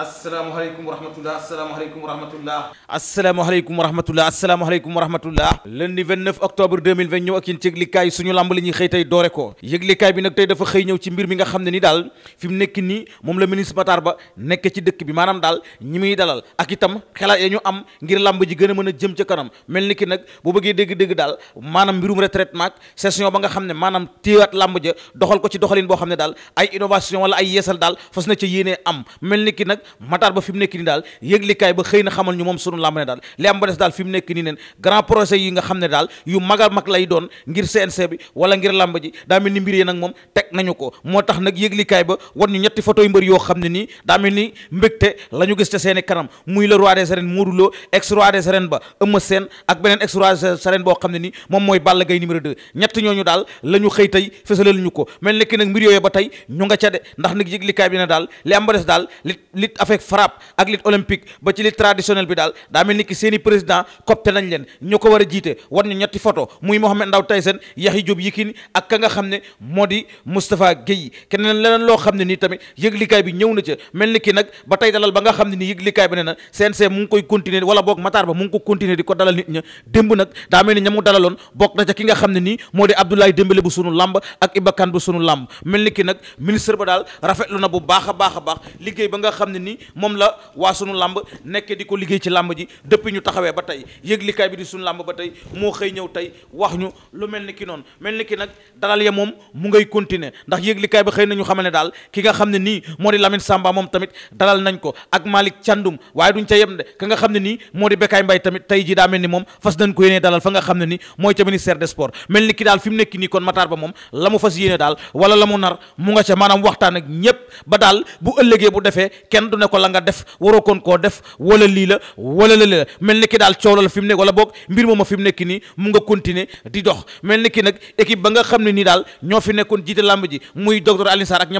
as asalaamaaleykum wa rahmatulah asalaamaaleykum wa rahmatulah. asalaamaaleykum wa rahmatulah asalaamaaleykum wa rahmatulah. lundi 29 octobre 2020 ñëw ak yéen ci yëglikaay suñu lamb la ñuy xëy tey doore ko yëglikaay bi nag tey dafa xëy ñëw ci mbir mi nga xam ne ni daal fi mu nekk nii moom la ministre Matar Ba nekk ci dëkk bi maanaam daal ñi muy dalal ak itam xelaat ya ñu am ngir lamb ji gën a mën a jëm ca kanam mel ni ki nag bu bëggee dégg-dégg daal maanaam mbirum retraitement session ba nga xam ne maanaam téewaat lamb ja doxal ko ci boo xam ne daal ay innovation wala ay yeesal daal fas na ca yéenee am mel ni ki nag Matar ba fi mu nekk nii daal yëglikaay ba xëy na xamal ñu moom sunu làmb ne daal li am ba des daal daa mel ni mbir yi nag moom teg nañu ko moo tax nag yëglikaay ba wan ñu ñetti photo yu mbër yoo xam ne nii daa mel ni mbégte la ñu gis ca seeni muy le roi des arènes Modou Lo ex roi des arènes ba Eumeu Sène ak beneen ex roi des boo xam ne nii moom mooy Balla Gaye numéro 2 ñett ñooñu daal la ñu xëy tey fësalal ñu ko mel nekki nag mbir yooyu ba tey ñu nga ca ndax nag yëglikaay bi ne daal li am daal li li bëreeg frappe ak olympique ba ci lutte traditionnelle bi daal daa mel ni ki seen i président copte nañ leen ñu ko war a jiite war ñu ñetti foto muy Mohamed Ndaw Tyson yi kii Yékini ak ka nga xam ne moo di Moustapha Guèye keneen leneen loo xam ne nii tamit yëglikaay bi ñëw na ca mel ni kii nag ba tey dalal ba nga xam ne nii likaay bi ne na CNG mu ngi koy continuer wala boog Matar Ba mu ngi ko continuer di ko dalal nit ña démb nag ni ña mu dalaloon bokk na ca ki nga xam ne nii moo di Abdoulaye Dembélé bu sunu lamb ak Iba sunu lamb mel ni ki nag ministre ba daal rafetlu na bu baax a baax a baax liggéey ba nga xam ne nii moom la waa sunu làmb nekk di ko liggéey ci làmb ji depuis ñu taxawee ba tey yëglikaay bi di sunu làmb ba tey moo xëy ñëw tey wax ñu lu mel ni ki noonu mel ni ki nag dalal ya moom mu ngay continuer ndax yëglikaay bi xëy na ñu xamal ne daal ki nga xam ne nii moo di Lamine Samba moom tamit dalal nañ ko ak Malick Thiandoum waaye duñ ca yem nga xam ne nii moo di Bekaay Mbaye tamit tey ji daa mel ni moom fas nañ ko yéene dalal fa nga xam ne mooy ca ministère des sports mel ni ki daal fi mu nekk nii kon Matar Ba moom la mu fas yéene daal wala la mu nar mu nga ca maanaam waxtaan ak ñépp ba daal bu ëllëgee bu defee kenn du ne ko la nga def waroo koon koo def wala lii la wala la la mel ni ki daal coow la fi mu nekk wala boog mbir mooma fi mu nekk nii mu nga continuer di dox mel ni ki nag équipe ba nga xam ne nii daal ñoo fi nekkoon jiite làmb ji muy docteur Alioune Sarr bi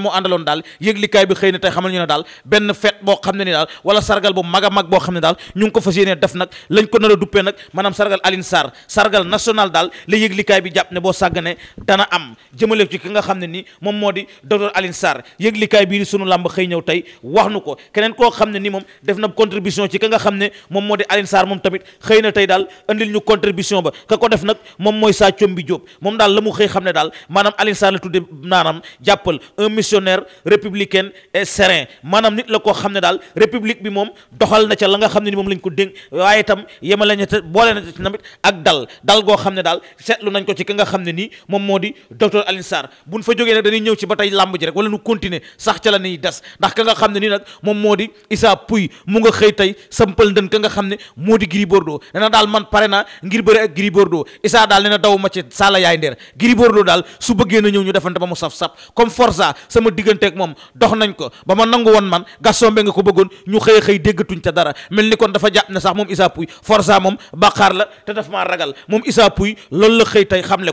xëy na tey xamal ñu ne daal benn fête boo xam ne a boo xam ne daal ñu ngi ko fas yéene def nag lañ ko nar a duppee nag maanaam la yëglikaay bi jàpp ne boo dana am jëmale ci ki nga xam ne nii moom moo di docteur Alioune Sarr yëglikaay bii sunu làmb xëy ñëw tey wax nu ko keneen keneen koo xam ne ni moom def na contribution ci ka nga xam moo di Alioune moom tamit xëy na tey daal andil ñu contribution ba ka ko def nag moom mooy saa combi Diop moom daal la mu xëy xam ne daal maanaam Alioune Sarr la tudde naanam jàppal un missionnaire républicain et serein maanaam nit la koo xam ne daal république bi moom doxal na ca la nga xam ne moom lañ ko dénk waaye itam yema la ñeta boole na ci ak dal dal goo xam ne daal seetlu nañ ko ci ki nga xam ne nii moom moo di docteur Alioune Sarr buñ fa jógee nag dañuy ñëw ci ba tey làmb ji rek wala nu continuer sax ca la ñuy des ndax ka nga xam ne nii nag di Issa Pouye mu nga xëy tey sampal ndën ka nga xam ne moo di Gris Bordeaux nee na daal man pare naa ngir bëri ak Gris Bordeaux daal nee na daw ma ci saala yaay ndeer Gris Bordeaux daal su bëggee na ñëw ñu defante ba mu saf-saf comme Forza sama diggante ak moom dox nañ ko ba ma nangu woon man Gaston nga ko bëggoon ñu xëy xëy déggatuñ ca dara mel ni kon dafa jàpp ne sax moom Issa Pouye Forza moom bàqaar la te daf maa ragal moom Issa Pouye loolu la xëy tey xamle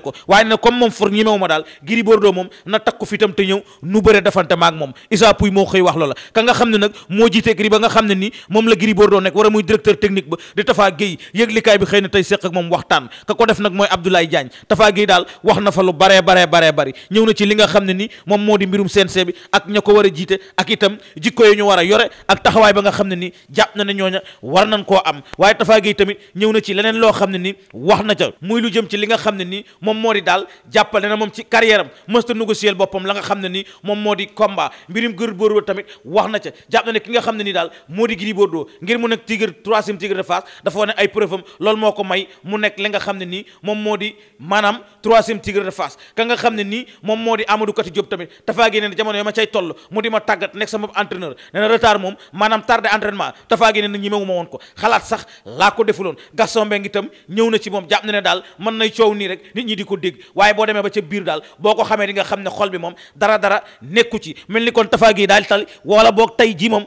moo jiite Gris ba nga xam ne ni moom la Gris Bordeaux nekk a muy directeur technique ba di Tafa Gueye yëglikaay bi xëy na tey seq ak moom waxtaan ka ko def nag mooy Abdoulaye Diagne Tafa Gueye daal wax na fa lu baree baree bari ñëw na ci li nga xam ne ni moom moo di mbirum CNG bi ak ña ko war a jiite ak itam jikko yi ñu war a yore ak taxawaay ba nga xam ne ni jàpp na ne ñooña war nañ koo am waaye Tafa Gueye tamit ñëw na ci leneen loo xam ne ni wax na ca muy lu jëm ci li nga xam ne ni moom moo di daal jàppale na moom ci carrière am mësta négocier boppam la nga xam ne ni moom moo di combat mbirum Gris Bordeaux tamit wax na ca ne ki nga xam ne ni daal moo di Gris Bordeaux ngir mu nekk tigre troisième tigre de Fass dafa wane ay preuve am moo ko may mu nekk li nga xam ne nii moom moo di maanaam troisième tigre de Fass ka nga xam ne nii moom moo di Amadou Kati tamit Tafa Gueye na jamono yo ma cay toll mu di ma tàggat nekk sama entraîneur nee na retard moom maanaam tardé entraînement Tafa Gueye na ñemewu woon ko xalaat sax laa ko defuloon Gaston Mbengue itam ñëw ne daal boo demee ba ca biir daal boo ko xamee di nga xam ne xol bi moom dara dara nekku ci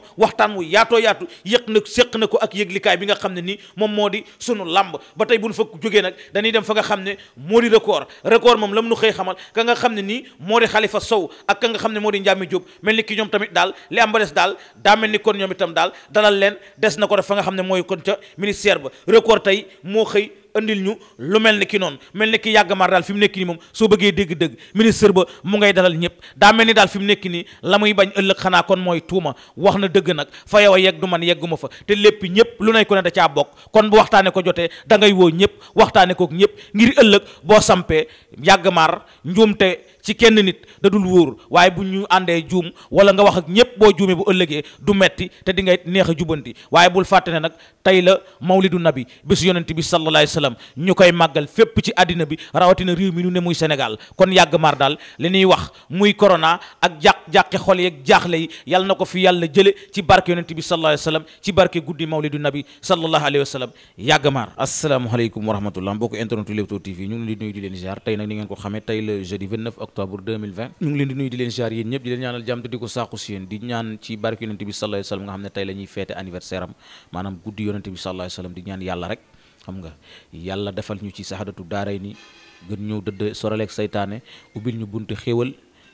moom waxtaan wu yaatoo yaatu yëq na séq na ko ak yëglikaay bi nga xam ne nii moom moo di sunu làmb ba tey bu nu fa jógee nag dañuy dem fa nga xam ne moo di record record moom lam nu xëy xamal ka nga xam ne nii moo di xalifa sow ak ka nga xam ne moo di njaami jóob mel ni ki ñoom tamit daal li am ba des daal daa mel ni kon ñoom itam daal dalal leen des na ko def fa nga xam ne mooy kon ca ministère ba record tey moo xëy andil ñu lu mel ni ki noonu mel na ki yàgg maar daal fi mu nekk nii moom soo bëggee dégg-dégg ministre ba mu ngay dalal ñëpp daa mel ni daal fi mu nekk nii la muy bañ ëllëg xanaa kon mooy tuuma wax na dëgg nag fa yow a yegg du man yegguma fa te lépp ñëpp lu nay ko ne da caa bokk kon bu waxtaane ko jotee da ngay woo ñëpp waxtaane kook ñëpp ngir ëllëg boo sampee yàgg njuumte ci kenn nit dadul dul wóor waaye bu ñu àndee juum wala nga wax ak ñëpp boo juumee bu ëllëgee du metti te di ngay neex a jubanti waaye bul fàtte nag tey la mawlidu nabi bésu yonent bi sallallahu alayhi sallam ñu koy màggal fépp ci àddina bi rawatina réew mi nu ne muy Sénégal kon yàgg maar daal li wax muy corona ak jàq-jàqi xol yeeg jaaxle yi yàlla na ko fi yàlla jële ci barke yonent bi sallallahu alayhi wa sallam ci barke guddi yàgg maar asalaamaaleykum wa rahmatullah mbokk internetu Leewtoo TV ñu leen di nuyu di leen ziar tey nag ni ngeen ko xamee tey le jeudi octobre ñu leen di nuyu di leen ziar yéen ñëpp di leen ñaanal jàmm te di ko saaku si yéen di ñaan ci barke yonent bi wa sallam nga xam ne tey la ñuy xam nga yàlla defal ñu ci saxadatu daaray ni gën ñëw dëdd soraleeg seytaane ubbil ñu bunte xéewal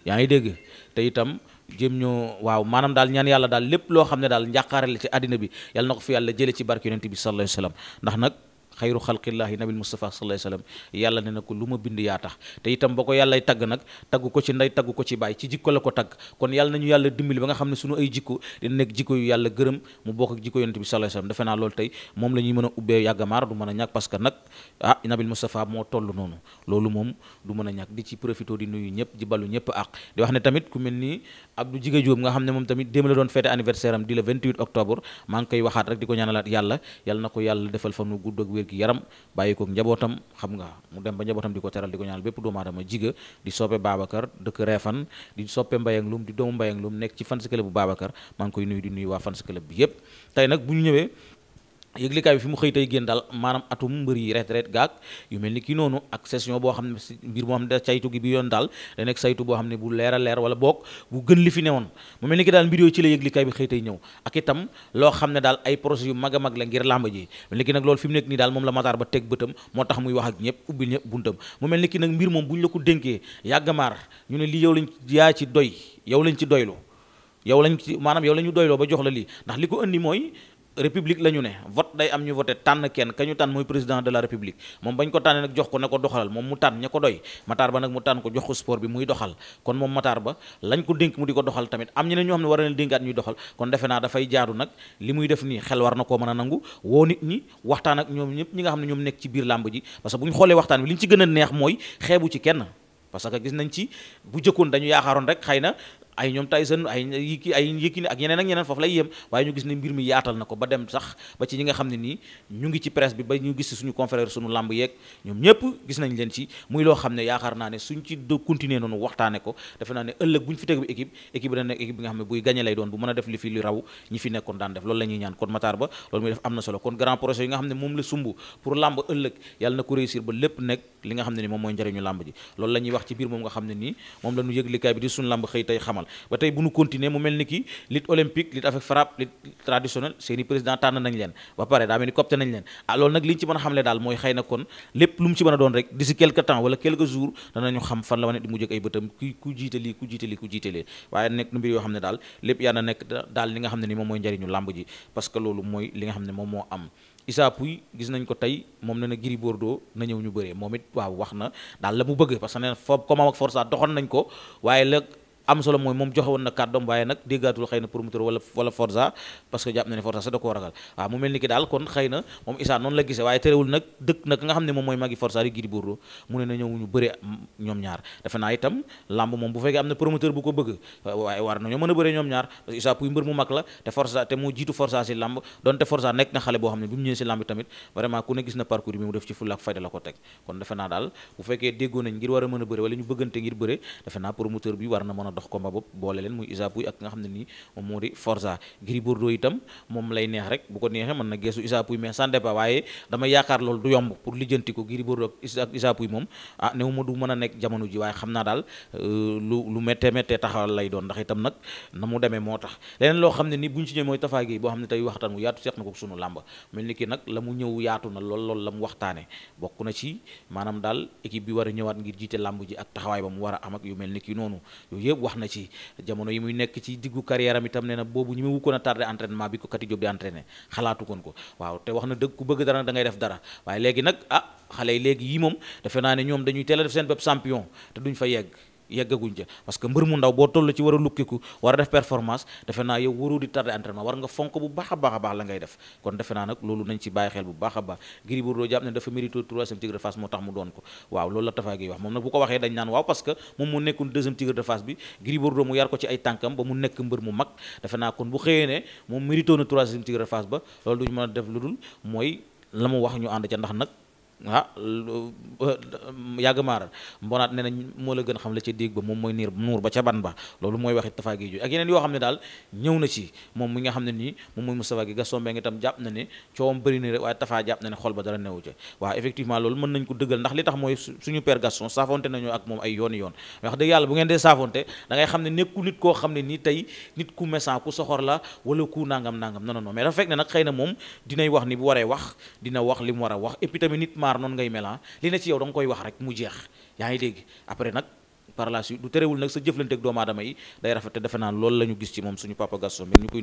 yaa ngi dégg te itam jëm ñoo waaw maanaam daal ñaan yàlla daal lépp loo xam ne daal njàqaare la ci àddina bi yàlla na ko fi yàlla jële ci barke yonent bi sallallahu alayhi wasallam ndax nag xayru xalqillaahi nabil mustafa sallallahu alayhi wasallam yàlla ne na ko lu ma bind yaa tax te itam ba ko yàllay tagg nag tagg ko ci ndey tagg ko ci baay ci jikko la ko tagg kon yàlla ñëpp di ñëpp na ko yàlla defal fa nu gudd ak wér wér-gi-yaram bàyyi kook njabootam xam nga mu dem ba njabootam di ko teral di ko ñaanal bépp doomu aadama jiga di soppe Babacar dëkk Réfan di soppe Mbayang di doomu Mbayang nekk ci fans bu Babacar maa ngi koy nuyu di nuyu waa fans bi yépp tey nag bu ñu ñëwee yëglikaay bi fi mu xëy tey génn daal maanaam atum mbër yi retraite gaag yu mel ni ki noonu ak session boo xam ne si mbir moo xam ne saytu gi daal da nekk saytu boo xam ne bu leer leer wala boog bu gën li fi newoon mu mel ni ki daal mbir yooyu ci la yëglikaay bi xëy tey loo xam ne daal ay procès yu mag a mag la ngir làmb ji mel nag loolu fi mu nekk nii daal moom la mataar ba teg bëtam moo tax muy wax ak ñëpp ubbil ñëpp buntam mu mel ni ki nag mbir moom bu ñu la ko dénkee yàggamaar ñu ne lii yow lañ yaa ci doy yow lañ ci doylu yow lañ ci maanaam yow la ñu doyloo ba jox la lii ndax li ko indi mooy république la ñu ne vote day am ñu voté tànn kenn ka ñu tànn mooy président de la république moom bañ ko tànnee nag jox ko ne ko doxalal moom mu tànn ña ko doy Matar Ba nag mu tànn ko jox ko sport bi muy doxal kon moom Matar Ba lañ ko dénk mu di ko doxal tamit am ñeneen ne war na leen dénkaat ñuy doxal kon defe xel war na koo mën a nangu woo nit waxtaan ak ñoom ñëpp ñi nga xam ne ñoom nekk ci biir làmb ji parce que bu ñu xoolee waxtaan bi li ñu ci gën a neex mooy xeebu ci kenn parce que gis nañ ci bu jëkkoon dañu yaakaaroon rek xëy na ay ñoom Tyson ay yiki ay Yékini ak yeneen ak yeneen foofu lay yem waaye ñu gis ne mbir mi yaatal na ko ba dem sax ba ci ñi nga xam ne nii ñu ngi ci presse bi ba ñu gis suñu confrère suñu làmb yeeg ñoom ñëpp nañ leen ci muy loo xam ne ne suñ ci de continuer noonu waxtaane ko defe naa ne bi a def li fi li raw ñi fi nekkoon daan na solo kon grand projet yi nga wax ci biir moom nga xam ne nii moom la ñu yëglikaay di suñu làmb xëy xamal ba tey bu ñu continuer mu mel ni ki lutte olympique lutte avec seeni président tànn nañ leen ba pare daa mel ni copté nañ leen ah loolu nag li ñu ci mën a na a xam ne daal lépp yaa na nekk daal li nga xam ne ni moom mooy njariñu làmb ji parce que loolu mooy li nga xam ne moom moo am Issa Pouye gis nañ ko tey moom ne na Gris Bordeaux na ñëw ñu bëree moom it waaw wax na daal la mu bëgg parce que nee na foofu comme ak force doxoon nañ ko waaye la am solo mooy moom joxe na kàddoom waaye nag déggaatul xëy promoteur wala wala parce que jàpp na ne Forza sax da ragal waaw mu mel ni ki daal kon xëy moom Issa noonu la gisee waaye terewul nag dëkk nag nga xale boo xam ne bi mu ñëwee si lamb tamit vraiment ku ne gis na parcours bi mu def ci fulla ak fayda la teg kon defe naa daal bu fekkee déggoo ngir war a mën a bëre wala ñu bëggante ngir bëre defe naa promoteur bi war na mën a dox combat boobu boole leen muy Isa ak nga xam ne nii moom moo di Forza Gris Bordeaux itam moom lay neex rek bu ko neexee mën na geesu Isa Pouye mais sans débat waaye dama yaakaar loolu du yomb pour lijjanti ko Gris Bordeaux ak Isa Pouye moom ah néew ma du mën a nekk jamono ji waaye xam naa daal euh, lu lu méttee méttee taxawal lay doon ndax itam nag na mu demee moo tax leneen loo xam ne ni bu ñu ci ñëw mooy Tapha Gueye boo xam ne tey waxtaan mu yaatu seex na ko sunu làmb mel ni la mu ñëw na lool lool la mu waxtaane bokk na ci maanaam daal équipe bi war a ñëwaat ngir jiite làmb ji ak taxawaay ba mu war a am ak yu mel noonu wax na ci jamono yi muy nekk ci diggu carrière am itam nee na boobu ñi mu ko na tardé entraînement bi ko Kati Diop di entraîné xalaatu koon ko waaw te wax na dëgg ku bëgg dara da dangay def dara waaye léegi nag ah xale yi léegi yi moom defe naa ne ñoom dañuy teel def seen bopp champion te duñ fa yegg yeggaguñ ca parce que mbër mu ndaw boo toll ci war a lukkiku war a def performance defe naa yow waru di tardé entraînement war nga fonk bu baax a baax a baax la ngay def kon defe naa nag loolu nañ ci bàyyi xel bu baax a baax Gris Bordeaux jàpp ne dafa mérité troisième tigre de moo tax mu doon ko waaw loolu la Tapha Gueye wax moom nag bu ko waxee dañ naan waaw parce que moom mu nekkul deuxième tigre de Fass bi Gris Bordeaux mu yar ko ci ay tànkam ba mu nekk mbër mu mag defe naa kon bu xëyee ne moom mérité na tigre de a wax ñu ànd ca ndax nag ah yàgg maar mbonaat nee nañ moo la gën xam la ca déeg ba moom mooy niir ba ca ban ba loolu mooy waxit Tafa Gueye ak yoo xam ne daal ñëw na xam ne nii moom mooy Moustapha Gueye Gaston Mbengue itam jàpp na ne coowam bëri na rek waaye Tafa effectivement loolu mën nañ ko dëggal ndax li tax mooy suñu père Gaston saafonte nañu ak moom ay yooni yoon wax dëgg yàlla bu ngeen dee la wala ku nangam nangam non non non mais dafa fekk ne nag xëy na moom dinay wax ni bu waree wax dina wax li mu war wax et puis tamit maar noonu ngay melan ah. li ne ci yow da nga koy wax rek mu jeex yaa ngi dégg après nag par la du terewul nag sa jëflanteeg doomu aadama yi day rafet te defe naa loolu la gis ci moom suñu papa Gaston Mbengue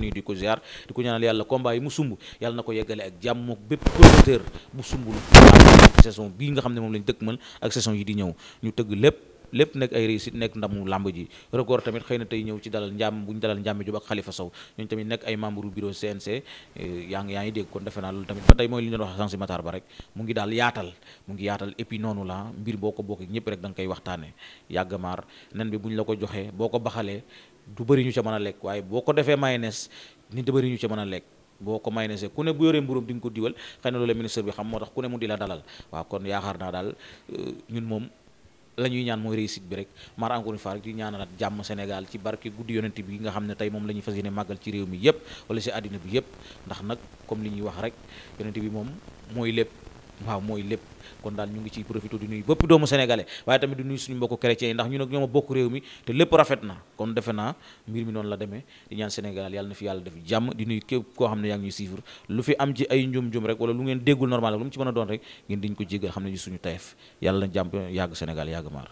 di nga xam ne moom lañ dëkk mën ak saison yi di ñëw ñu tëgg lépp lépp nekk ay réussite nekk ndamu làmb ji record tamit xëy na tey ñëw ci dalal njàmm bu ñu dalal njàmm jub ak xalifa sow ñun tamit nekk ay membre bureau CNC eh, yaa ngi yaa ngi dégg kon defe naa loolu tamit ba tey mooy li ñu doon wax sansi matar yaatal mu noonu la mbir boo ko bokkee ñëpp rek da koy waxtaane yàgg maar nen bu ñu la ko joxee boo ko baxalee du bari ñu ca mën a lekk waaye boo ko defee mayonnaise nit da bëri ñu ca mën a lekk boo ko may ne ku ne bu yoree mburóom di nga ko diwal xëy na loolu ministre bi xam moo tax ku ne mu di la dalal waaw kon yaakaar naa daal eh, ñun moom la ñuy ñaan mooy réussite bi rek maar encore une fois rek di ñaanalaat jàmm Sénégal ci barke guddi yonent bi nga xam ne tey moom la ñuy fas yéene màggal ci réew mi yëpp wala si àddina bi yëpp ndax nag comme li ñuy wax rek yonent bi moom mooy lépp waaw mooy lépp kon daal ñu ngi ciy profité di nuy bépp doomu sénégalais waaye tamit di nuyu suñu mbokku chrétiens yi ndax ñu nag ñoom bokk réew mi te lépp rafet na kon defe naa mbir mi noonu la demee di ñaan sénégal yàlla na fi yàlla def jàmm di nuyu képp koo xam ne yaa ngi ñuy suivre lu fi am ji ay njum-jum rek wala lu ngeen déggul normal lu mu ci mën a doon rek ngeen diñ ko jéggal xam ne ñu suñu tayef yàlla na jàmm yàgg sénégal yàgg maar